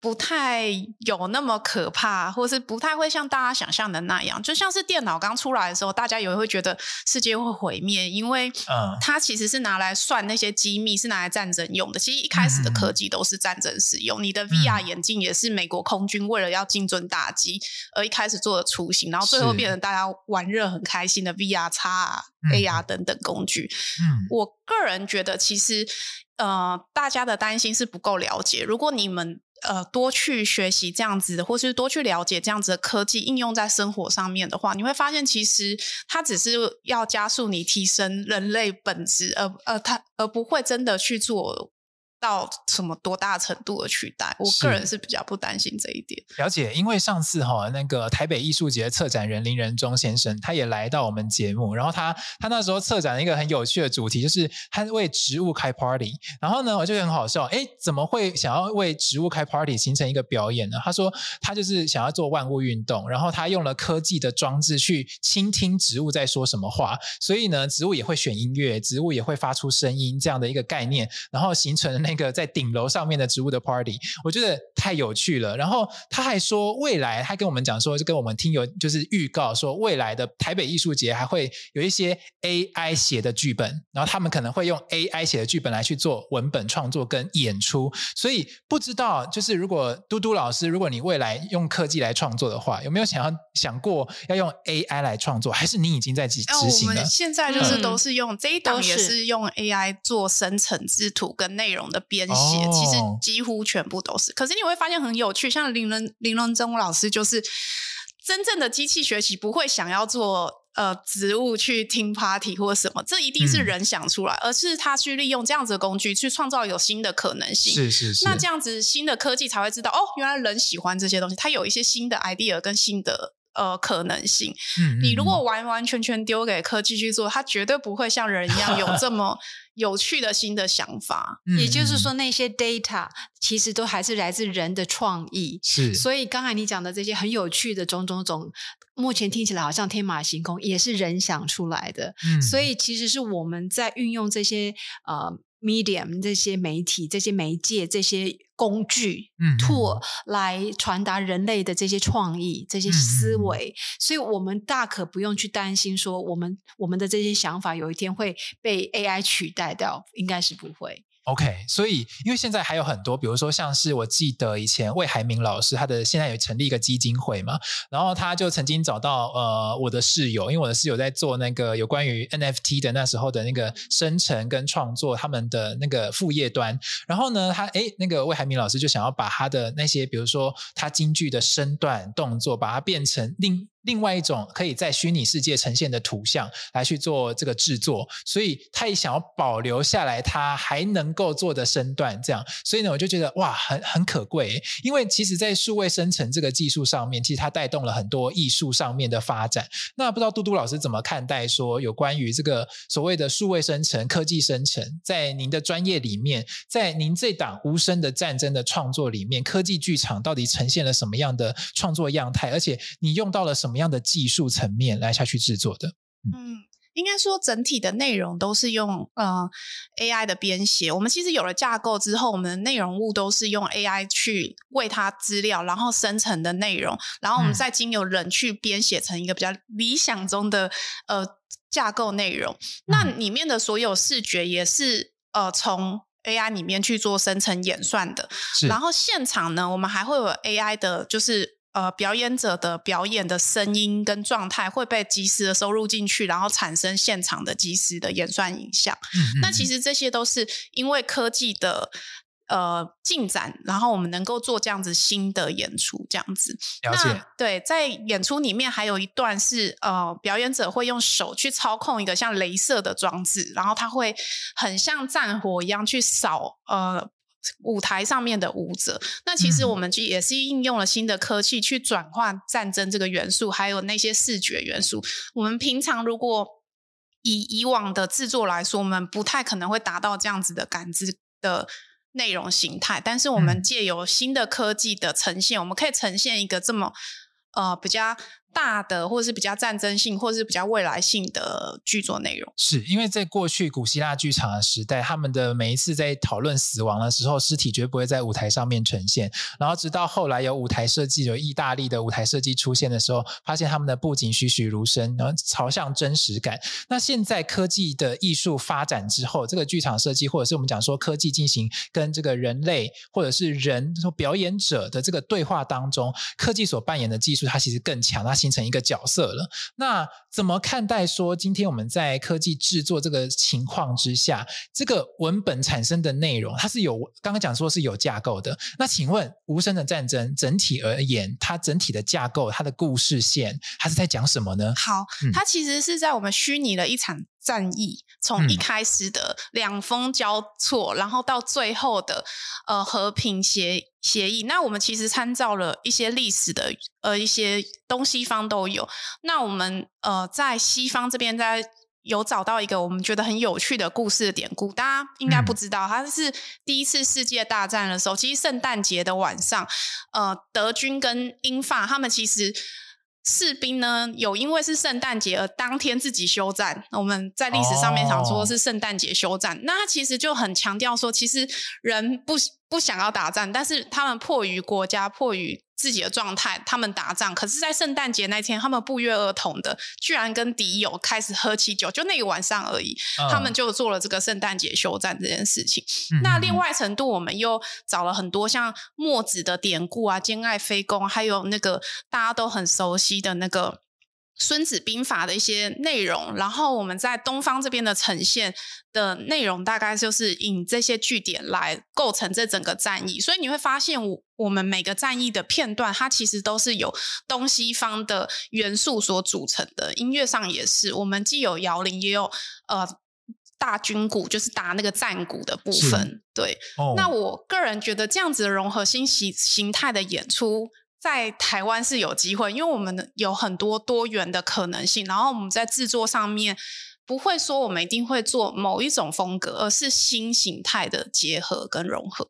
不太有那麼可怕，或是不太會像大家想象的那樣，就像是電腦剛出來的時候，大家也會覺得世界會毀滅，因為它其實是拿來算那些機密，是拿來戰爭用的。其實一開始的科技都是戰爭使用，嗯、你的 VR 眼鏡也是美國空軍為了要精準打擊而一開始做的雛形，然後最後變成大家玩熱很開心的 VR 叉、嗯、AR 等等工具。嗯、我個人覺得其實呃，大家的擔心是不夠了解。如果你們呃，多去學習這樣子的，或是多去了解這樣子的科技應用在生活上面的話，你會發現，其實它只是要加速你提升人類本質而，而呃，它而不會真的去做。到什麼多大程度的取代？我個人是比較不擔心這一點。了解，因為上次哈那個台北藝術節的策展人林仁忠先生，他也來到我們節目，然後他他那時候策展了一個很有趣的主題，就是他為植物開 party。然後呢，我就覺得很好笑，哎，怎麼會想要為植物開 party 形成一個表演呢？他說他就是想要做萬物運動，然後他用了科技的裝置去傾聽植物在說什麼話，所以呢，植物也會選音樂，植物也會發出聲音這樣的一個概念，然後形成的那個。一個在頂樓上面的植物的 party，我覺得太有趣了。然後他還說，未來他跟我們講說，就是、跟我們聽友就是預告說，未來的台北藝術節還會有一些 AI 寫的劇本，然後他們可能會用 AI 寫的劇本來去做文本創作跟演出。所以不知道，就是如果嘟嘟老師，如果你未來用科技來創作的話，有沒有想要想過要用 AI 來創作，還是你已經在去執行的？啊、我們現在就是都是用、嗯、這一檔也是用 AI 做生成制圖跟內容的。編寫、哦、其實幾乎全部都是，可是你會發現很有趣，像林倫林仁宗老師就是真正的機器學習不會想要做呃，植物去聽 party 或者什麼，這一定是人想出來，嗯、而是他去利用這樣子的工具去創造有新的可能性。是是是，那這樣子新的科技才會知道哦，原來人喜歡這些東西，他有一些新的 idea 跟新的。呃，可能性。嗯嗯，你如果完完全全丟給科技去做，它絕對不會像人一樣有這麼有趣的新的想法。 也就是說，那些 data 其實都還是來自人的創意。是，所以剛才你講的這些很有趣的種種種，目前聽起來好像天馬行空，也是人想出來的。嗯，所以其實是我們在運用這些呃。medium 這些媒體、這些媒介、這些工具，嗯，tool 來傳達人類的這些創意、這些思維，嗯，所以我們大可不用去擔心說，我們我們的這些想法有一天會被 AI 取代掉，應該是不會。OK，所以因為現在還有很多，比如說像是我記得以前魏海明老師，他的現在有成立一個基金會嘛，然後他就曾經找到呃我的室友，因為我的室友在做那個有關於 NFT 的那時候的那個生成跟創作他們的那個副業端，然後呢他誒，那個魏海明老師就想要把他的那些比如說他京劇的身段動作，把它變成另另外一種可以在虛擬世界呈現的圖像來去做這個製作，所以他也想要保留下來，他還能夠做的身段這樣，所以呢，我就覺得哇，很很可貴，因為其實在數位生成這個技術上面，其實它帶動了很多藝術上面的發展。那不知道嘟嘟老師怎麼看待說有關於這個所謂的數位生成、科技生成，在您的專業裡面，在您這檔無聲的戰爭的創作裡面，科技劇場到底呈現了什麼樣的創作樣態，而且你用到了什麼？什麼樣的技術層面來下去制作的？嗯，應該說整體的內容都是用呃 AI 的編寫。我們其實有了架構之後，我們的內容物都是用 AI 去餵它資料，然後生成的內容，然後我們再經由人去編寫成一個比較理想中的呃架構內容。那裡面的所有視覺也是呃從 AI 裡面去做生成演算的。是然後現場呢，我們還會有 AI 的，就是。呃，表演者的表演的聲音跟狀態會被即時的收入進去，然後產生現場的即時的演算影像。嗯哼。那其實這些都是因為科技的呃進展，然後我們能夠做這樣子新的演出，這樣子。了解。那對，在演出裡面還有一段是呃，表演者會用手去操控一個像雷射的裝置，然後它會很像戰火一樣去掃呃。舞台上面的舞者，那其實我們就也是應用了新的科技去轉換戰爭這個元素，還有那些視覺元素。我們平常如果以以往的制作來說，我們不太可能會達到這樣子的感知的內容形態，但是我們借由新的科技的呈現，嗯、我們可以呈現一個這麼呃比較。大的或者是比較戰爭性或者是比較未來性的劇作內容，是因為在過去古希臘劇場的時代，他們的每一次在討論死亡的時候，屍體絕不會在舞台上面呈現。然後直到後來有舞台設計，有意大利的舞台設計出現的時候，發現他們的布景栩栩如生，然後朝向真實感。那現在科技的藝術發展之後，這個劇場設計或者是我們講說科技進行跟這個人類或者是人說表演者的這個對話當中，科技所扮演的技術，它其實更強。它。形成一個角色了。那怎麼看待說今天我們在科技製作這個情況之下，這個文本產生的內容，它是有剛剛講說是有架構的。那請問《無聲的戰爭》整體而言，它整體的架構、它的故事線，它是在講什麼呢？好，它、嗯、其實是在我們虛擬的一場。戰役從一開始的兩方交錯，嗯、然後到最後的呃和平協協議，那我們其實參照了一些歷史的呃一些東西方都有。那我們呃在西方這邊，在有找到一個我們覺得很有趣的故事的典故，大家應該不知道，嗯、它是第一次世界大戰的時候，其實聖誕節的晚上，呃，德軍跟英法他們其實。士兵呢，有因為是聖誕節而當天自己休戰。我們在歷史上面常說，是聖誕節休戰。Oh. 那他其實就很強調說，其實人不。不想要打仗，但是他們迫於國家、迫於自己的狀態，他們打仗。可是，在聖誕節那天，他們不約而同的，居然跟敵友開始喝起酒，就那個晚上而已，哦、他們就做了這個聖誕節休戰這件事情。嗯嗯，那另外程度，我們又找了很多像墨子的典故啊，兼愛非攻，還有那個大家都很熟悉的那個。孫子兵法的一些內容，然後我們在東方這邊的呈現的內容，大概就是以這些據點來構成這整個戰役。所以你會發現我，我我們每個戰役的片段，它其實都是由東西方的元素所組成的。音樂上也是，我們既有搖鈴，也有呃大軍鼓，就是打那個戰鼓的部分。是對，oh. 那我個人覺得這樣子的融合新形形態的演出。在台灣是有機會，因為我們有很多多元的可能性，然後我們在制作上面不會說我們一定會做某一種風格，而是新形態的結合跟融合。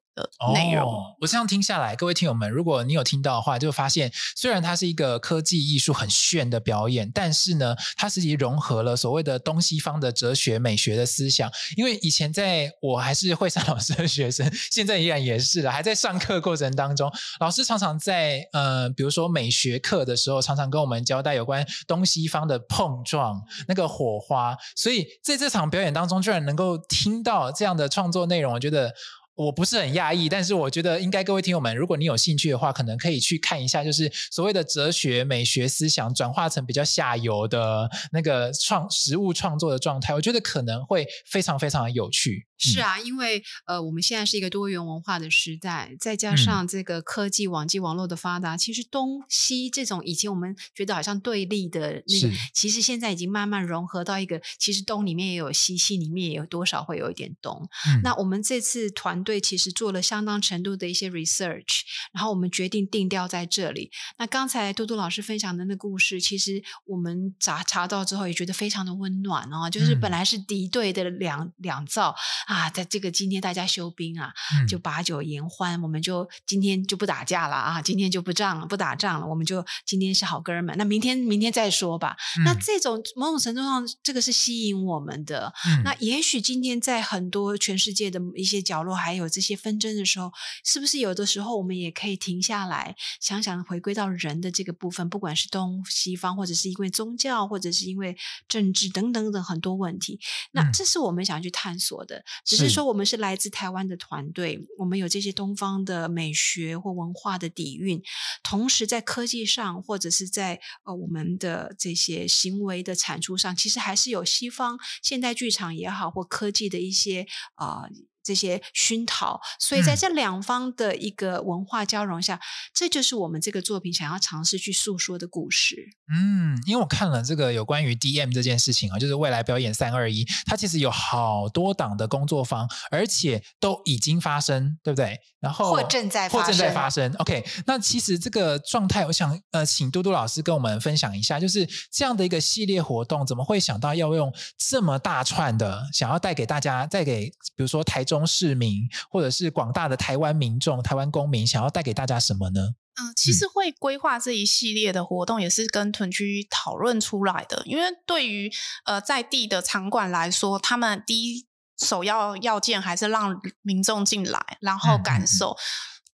內容、哦，我這樣聽下來，各位聽友們，如果你有聽到的話，就發現雖然它是一個科技藝術很炫的表演，但是呢，它實際融合了所謂的東西方的哲學美學的思想。因為以前在我還是慧珊老師的學生，現在依然也是了，還在上課過程當中，老師常常在呃，比如說美學課的時候，常常跟我們交代有關東西方的碰撞那個火花。所以在這場表演當中，居然能夠聽到這樣的創作內容，我覺得。我不是很訝異，但是我覺得應該各位聽友們，如果你有興趣的話，可能可以去看一下，就是所謂的哲學美學思想轉化成比較下游的那個創實物創作的狀態，我覺得可能會非常非常的有趣。嗯、是啊，因為呃，我們現在是一個多元文化的時代，再加上這個科技網際網絡的發達，嗯、其實東西這種以前我們覺得好像對立的那個，是其實現在已經慢慢融合到一個，其實東裡面也有西，西裡面也有多少會有一點東。嗯、那我們這次團。對，其實做了相當程度的一些 research，然後我們決定定調在這裡。那剛才嘟嘟老師分享的那故事，其實我們查查到之後也覺得非常的溫暖哦。嗯、就是本來是敵對的兩兩造啊，在這個今天大家休兵啊，嗯、就把酒言歡，我們就今天就不打架了啊，今天就不仗了，不打仗了，我們就今天是好哥們，那明天，明天再說吧。嗯、那這種某種程度上，這個是吸引我們的。嗯、那也許今天在很多全世界的一些角落還。有這些紛爭的時候，是不是有的時候我們也可以停下來，想想回歸到人的這個部分？不管是東西方，或者是因為宗教，或者是因為政治等等等很多問題，那這是我們想要去探索的。只是說，我們是來自台灣的團隊，是我們有這些東方的美學或文化的底蘊，同時在科技上，或者是在呃我們的這些行為的產出上，其實還是有西方現代劇場也好，或科技的一些啊。呃這些熏陶，所以在這兩方的一個文化交融下，嗯、這就是我們這個作品想要嘗試去訴說的故事。嗯，因為我看了這個有關於 DM 這件事情啊，就是未來表演321，它其實有好多檔的工作坊，而且都已經發生，對不對？然後或正在或正在發生。OK，那其實這個狀態，我想呃，請嘟嘟老師跟我們分享一下，就是這樣的一個系列活動，怎麼會想到要用這麼大串的，想要帶給大家，帶給比如說台中。中市民或者是廣大的台灣民眾、台灣公民，想要帶給大家什麼呢？嗯，其實會規劃這一系列的活動，也是跟屯區討論出來的。因為對於呃在地的場館來說，他們第一首要要件還是讓民眾進來，然後感受。嗯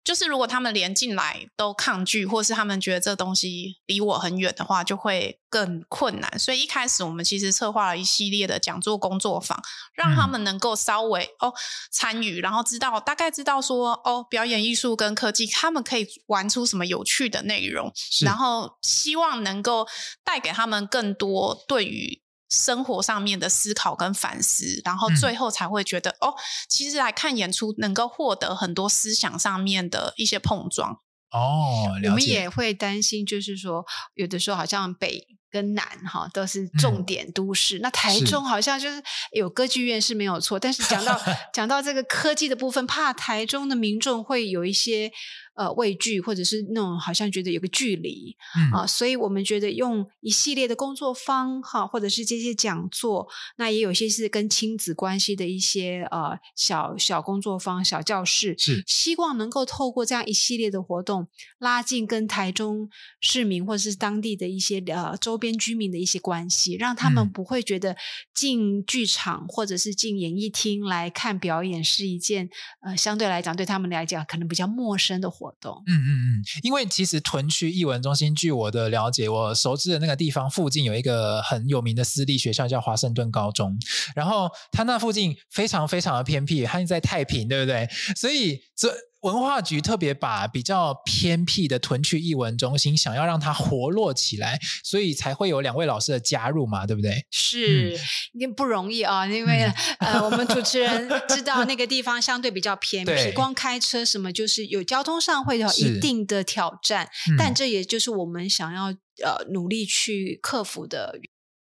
就是如果他們連進來都抗拒，或是他們覺得這東西離我很遠的話，就會更困難。所以一開始我們其實策劃了一系列的講座、工作坊，讓他們能夠稍微、嗯、哦參與，然後知道大概知道說哦表演藝術跟科技他們可以玩出什麼有趣的內容，是然後希望能夠帶給他們更多對於。生活上面的思考跟反思，然後最後才會覺得、嗯、哦，其實來看演出能夠獲得很多思想上面的一些碰撞。哦，我們也會擔心，就是說，有的時候好像被。跟南哈都是重點都市，嗯、那台中好像就是有歌劇院是沒有錯，是但是講到 講到這個科技的部分，怕台中的民眾會有一些呃畏懼，或者是那種好像覺得有個距離啊、嗯呃，所以我們覺得用一系列的工作坊哈，或者是這些講座，那也有些是跟親子關係的一些呃小小工作坊，小教室，是希望能夠透過這樣一系列的活動，拉近跟台中市民或者是當地的一些呃周。邊居民的一些關係，讓他們不會覺得進劇場或者是進演藝廳來看表演是一件呃，相對來講對他們來講可能比較陌生的活動。嗯嗯嗯，因為其實屯區藝文中心，據我的了解，我熟知的那個地方附近有一個很有名的私立學校，叫華盛頓高中。然後它那附近非常非常的偏僻，它在太平，對不對？所以這。所以文化局特別把比較偏僻的屯區藝文中心想要讓它活絡起來，所以才會有兩位老師的加入嘛，對不對？是，嗯、一定不容易啊，因為、嗯、 呃，我們主持人知道那個地方相對比較偏僻，對光開車什麼就是有交通上會有一定的挑戰，嗯、但這也就是我們想要呃努力去克服的。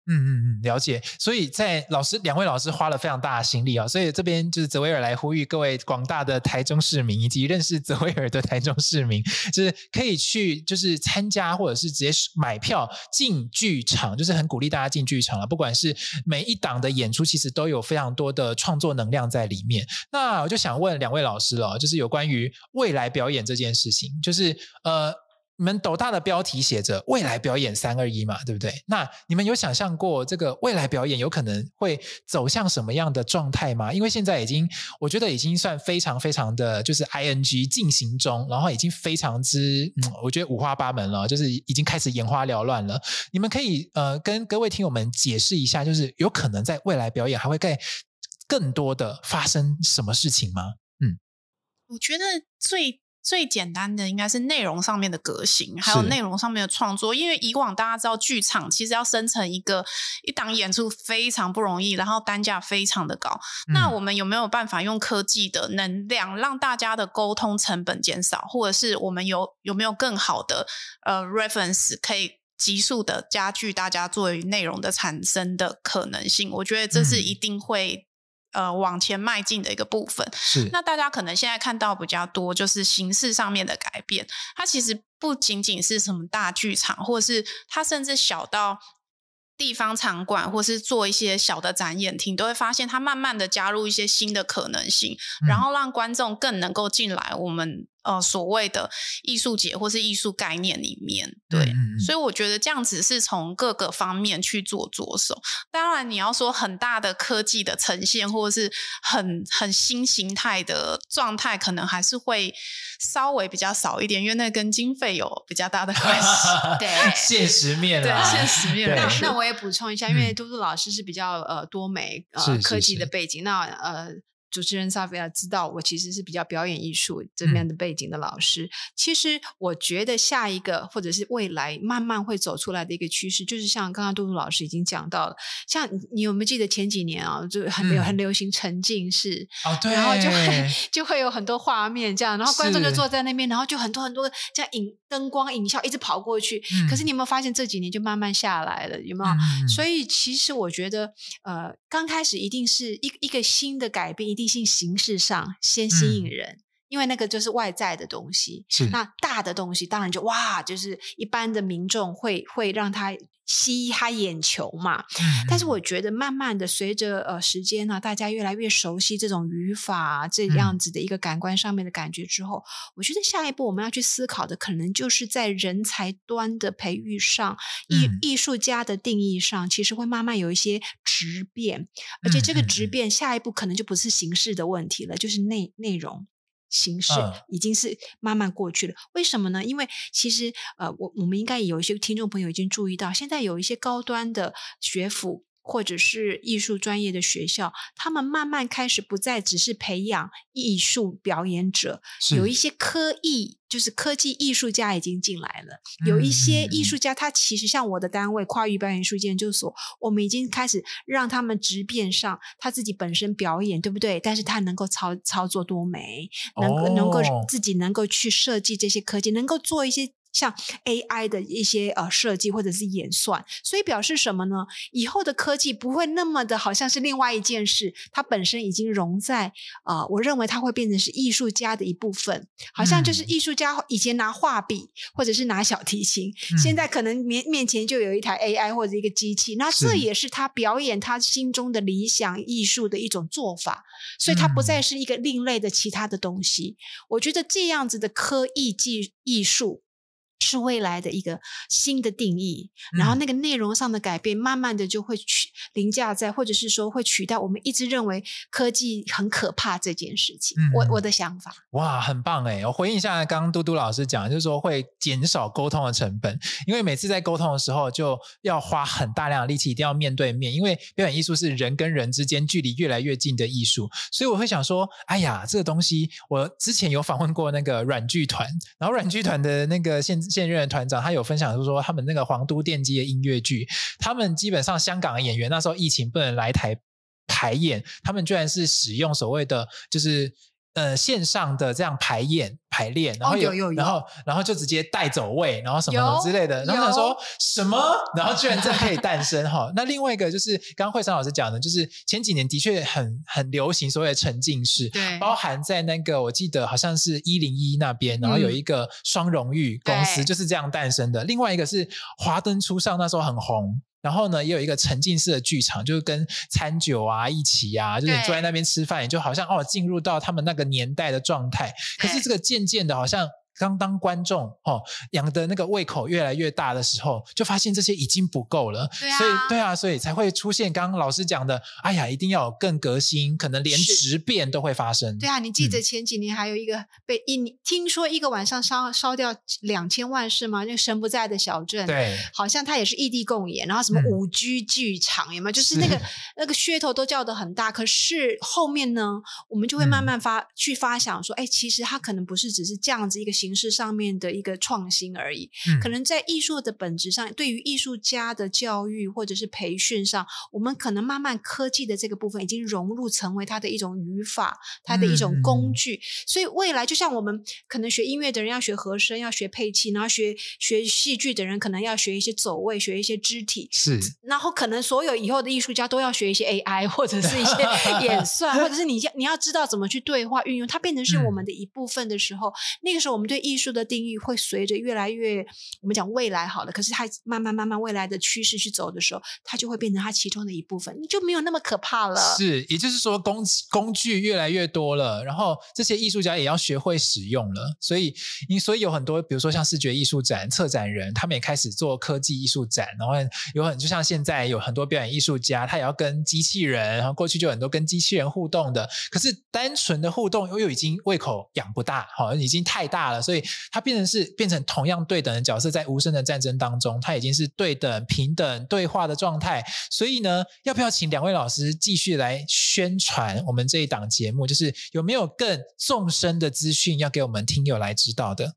嗯嗯嗯，了解。所以在老師兩位老師花了非常大的心力啊、哦，所以這邊就是澤威爾來呼籲各位廣大的台中市民，以及認識澤威爾的台中市民，就是可以去就是參加，或者是直接買票進劇場，就是很鼓勵大家進劇場了。不管是每一檔的演出，其實都有非常多的創作能量在裡面。那我就想問兩位老師了，就是有關於未來表演這件事情，就是呃。你們斗大的標題寫着“未來表演三二一”嘛，對不對？那你們有想象過這個未來表演有可能會走向什麼樣的狀態嗎？因為現在已經，我覺得已經算非常非常的就是 ing 進行中，然後已經非常之，嗯，我覺得五花八門了，就是已經開始眼花繚亂了。你們可以呃跟各位聽友們解釋一下，就是有可能在未來表演還會更更多的發生什麼事情嗎？嗯，我覺得最。最簡單的應該是內容上面的革新，還有內容上面的創作。是因為以往大家知道，劇場其實要生成一個一檔演出非常不容易，然後單價非常的高。嗯、那我們有沒有辦法用科技的能量，讓大家的溝通成本減少，或者是我們有有沒有更好的呃 reference 可以急速的加劇大家作為內容的產生的可能性？我覺得這是一定會。呃，往前邁進的一個部分。是那大家可能現在看到比較多，就是形式上面的改變。它其實不僅僅是什麼大劇場，或是它甚至小到。地方場館或是做一些小的展演廳，都會發現它慢慢的加入一些新的可能性，嗯、然後讓觀眾更能夠進來我們呃所謂的藝術節或是藝術概念裡面。對，嗯嗯所以我覺得這樣子是從各個方面去做着手。當然，你要說很大的科技的呈現，或是很很新形態的狀態，可能還是會。稍微比較少一點，因為那跟經費有比較大的關係， 對現實面、啊、面，對現實面。那對那，那我也補充一下，是因為嘟嘟老師是比較呃多媒呃是是是科技的背景，那呃。主持人薩菲亞知道我其實是比較表演藝術這邊的背景的老師。嗯、其實我覺得下一個或者是未來慢慢會走出來的一個趨勢，就是像剛剛杜杜老師已經講到了，像你，你有沒有記得前幾年啊、哦、就很沒有很流行沉浸式，嗯、然後就會就會有很多畫面這樣，然後觀眾就坐在那邊，是然後就很多很多這樣影燈光影效一直跑過去。嗯、可是你有沒有發現這幾年就慢慢下來了？有沒有？嗯、所以其實我覺得，呃，剛開始一定是一一個新的改變，一定。一些形式上先吸引人。嗯因為那個就是外在的東西，是那大的東西，當然就哇，就是一般的民眾會會讓他吸他眼球嘛。嗯、但是我覺得，慢慢的隨着呃時間呢、啊，大家越來越熟悉這種語法、啊、這樣子的一個感官上面的感覺之後，嗯、我覺得下一步我們要去思考的，可能就是在人才端的培育上，嗯、藝藝術家的定義上，其實會慢慢有一些質變，而且這個質變下一步可能就不是形式的問題了，嗯嗯、就是內內容。形式已經是慢慢過去了。嗯。為什麼呢？因為其實，呃，我我們應該有一些聽眾朋友已經注意到，現在有一些高端的學府。或者是藝術專業的學校，他們慢慢開始不再只是培養藝術表演者，是有一些科藝，就是科技藝術家已經進來了。嗯、有一些藝術家，他其實像我的單位、嗯、跨域表演藝術研究所，我們已經開始讓他們直變上他自己本身表演，對不對？但是他能夠操操作多媒，能、哦、能夠自己能夠去設計這些科技，能夠做一些。像 AI 的一些呃設計或者是演算，所以表示什麼呢？以後的科技不會那麼的好像是另外一件事，它本身已經融在啊、呃，我認為它會變成是藝術家的一部分，好像就是藝術家以前拿畫筆或者是拿小提琴，嗯、現在可能面面前就有一台 AI 或者一個機器，那這也是他表演他心中的理想藝術的一種做法，所以它不再是一個另類的其他的東西。我覺得這樣子的科藝技藝術。是未來的一個新的定義，嗯、然後那個內容上的改變，慢慢的就會去凌駕在，或者是說會取代我們一直認為科技很可怕這件事情。嗯、我我的想法，哇，很棒哎！我回應一下剛剛嘟嘟老師講，就是說會減少溝通的成本，因為每次在溝通的時候就要花很大量的力氣，一定要面對面，因為表演藝術是人跟人之間距離越來越近的藝術，所以我會想說，哎呀，這個東西我之前有訪問過那個阮劇團，然後阮劇團的那個現。現任團長，他有分享，就是說他們那個《皇都電機》的音樂劇，他們基本上香港的演員那時候疫情不能來台台演，他們居然是使用所謂的就是。呃，線上的這樣排演、排練，然後、哦、有，有，有，然後然後就直接帶走位，然後什麼，什麼之類的，有然後想說有什麼？哦、然後居然這樣可以誕生哈、 哦。那另外一個就是剛剛慧珊老師講的，就是前幾年的確很很流行所謂的沉浸式，對，包含在那個我記得好像是一零一那邊，然後有一個雙榮譽公司、嗯、就是這樣誕生的。對另外一個是華燈初上，那時候很紅。然後呢，也有一個沉浸式的劇場，就是跟餐酒啊一起啊，對就是你坐在那邊吃飯，你就好像哦，進入到他們那個年代的狀態。對可是這個漸漸的，好像。剛當觀眾哦，養的那個胃口越來越大的時候，就發現這些已經不夠了。對啊，所以對啊，所以才會出現剛剛老師講的，哎呀，一定要有更革新，可能連質變都會發生。對啊，你記得前幾年還有一個被一、嗯、聽說一個晚上燒燒掉兩千萬是嗎？那個《神不在的小鎮》對，好像他也是異地共演，然後什麼五 G 劇場，嗯、有沒有？就是那個是那個噱頭都叫得很大，可是後面呢，我們就會慢慢發、嗯、去發想說，哎，其實他可能不是只是這樣子一個行形式上面的一個創新而已，嗯、可能在藝術的本質上，對於藝術家的教育或者是培訓上，我們可能慢慢科技的這個部分已經融入成為它的一種語法，它的一種工具。嗯、所以未來就像我們可能學音樂的人要學和聲，要學配器，然後學學戲劇的人可能要學一些走位，學一些肢體。是，然後可能所有以後的藝術家都要學一些 AI 或者是一些演算， 或者是你要你要知道怎麼去對話運用它，變成是我們的一部分的時候，嗯、那個時候我們對。藝術的定義會隨着越來越，我們講未來好了，可是它慢慢慢慢未來的趨勢去走的時候，它就會變成它其中的一部分，你就沒有那麼可怕了。是，也就是說工，工工具越來越多了，然後這些藝術家也要學會使用了。所以，你所以有很多，比如說像視覺藝術展，策展人他們也開始做科技藝術展，然後有很，就像現在有很多表演藝術家，他也要跟機器人。然後過去就很多跟機器人互動的，可是單純的互動又又已經胃口養不大，好像已經太大了。所以它變成是變成同樣對等的角色，在無聲的戰爭當中，它已經是對等、平等對話的狀態。所以呢，要不要請兩位老師繼續來宣傳我們這一檔節目？就是有沒有更縱深的資訊要給我們聽友來知道的？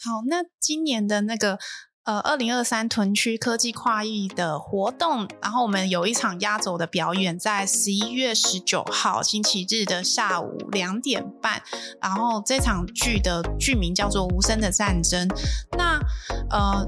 好，那今年的那個。呃，二零二三屯區科技跨藝的活動，然後我們有一場壓軸的表演，在十一月十九號星期日的下午兩點半。然後這場劇的劇名叫做《無聲的戰爭》。那呃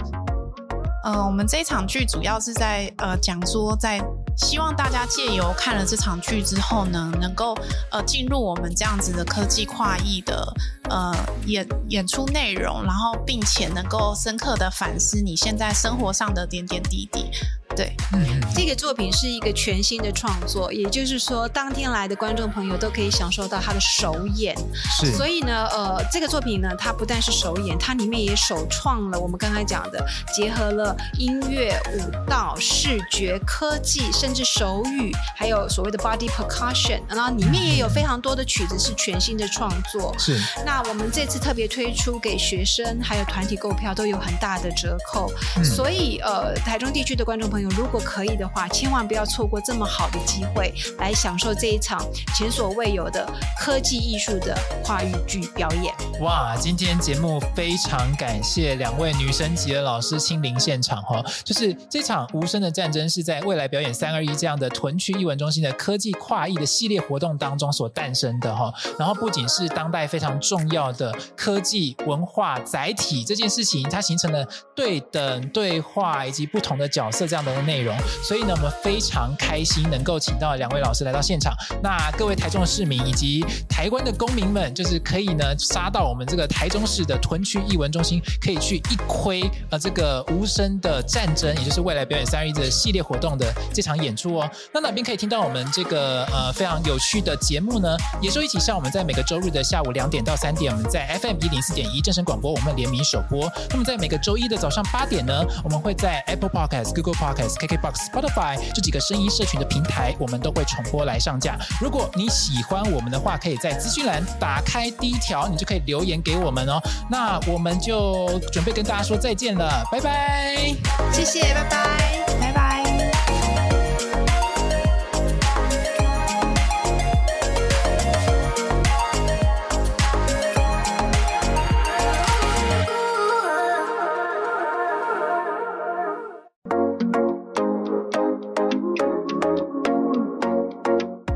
呃，我們這場劇主要是在呃講說在。希望大家借由看了這場劇之後呢，能夠呃進入我們這樣子的科技跨藝的呃演演出內容，然後並且能夠深刻的反思你現在生活上的點點滴滴。對，嗯、這個作品是一個全新的創作，也就是說，當天來的觀眾朋友都可以享受到他的首演。是，所以呢，呃，這個作品呢，它不但是首演，它裡面也首創了我們剛才講的，結合了音樂、舞蹈、視覺科技，甚至手語，還有所謂的 body percussion，然後裡面也有非常多的曲子是全新的創作。是，那我們這次特別推出給學生還有團體購票都有很大的折扣，嗯、所以呃，台中地區的觀眾朋友，如果可以的話，千萬不要錯過這麼好的機會，來享受這一場前所未有的科技藝術的跨域劇表演。哇，今天節目非常感謝兩位女神級的老師親臨現場哦，就是這場無聲的戰爭是在未來表演三二一這樣的屯區藝文中心的科技跨藝的系列活動當中所誕生的哦。然後不僅是當代非常重要的科技文化載體這件事情，它形成了對等對話以及不同的角色這樣的。的內容，所以呢，我們非常開心能夠請到兩位老師來到現場。那各位台中的市民以及台灣的公民們，就是可以呢，殺到我們這個台中市的屯區藝文中心，可以去一窺啊、呃、這個無聲的戰爭，也就是未來表演321的系列活動的這場演出哦。那哪邊可以聽到我們這個呃非常有趣的節目呢？也說一起像我們在每個周日的下午兩點到三點，我們在 FM 一零四點一正聲廣播，我們聯名首播。那麼在每個周一的早上八點呢，我們會在 Apple Podcast、Google Podcast。KKbox、Box, Spotify 這幾個聲音社群的平台，我們都會重播來上架。如果你喜歡我們的話，可以在資訊欄打開第一條，你就可以留言給我們哦。那我們就準備跟大家說再見了，拜拜，謝謝，拜拜，拜拜。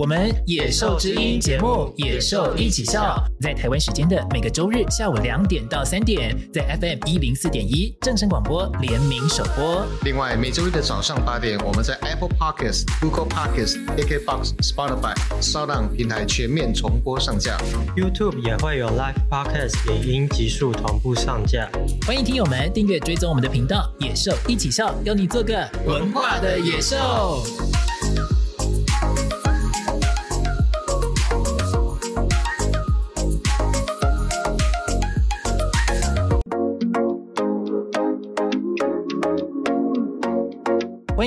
我們《野獸之音》節目《野獸一起笑》，在台灣時間的每個周日下午兩點到三點，在 FM 一零四點一正聲廣播聯名首播。另外，每周日的早上八點，我們在 Apple Podcasts、Google Podcasts、A K Box、Spotify、SoundOn 平台全面重播上架。YouTube 也會有 Live Podcast 影音極速同步上架。歡迎聽友們訂閱追蹤我們的頻道《野獸一起笑》，邀你做個文化的野獸。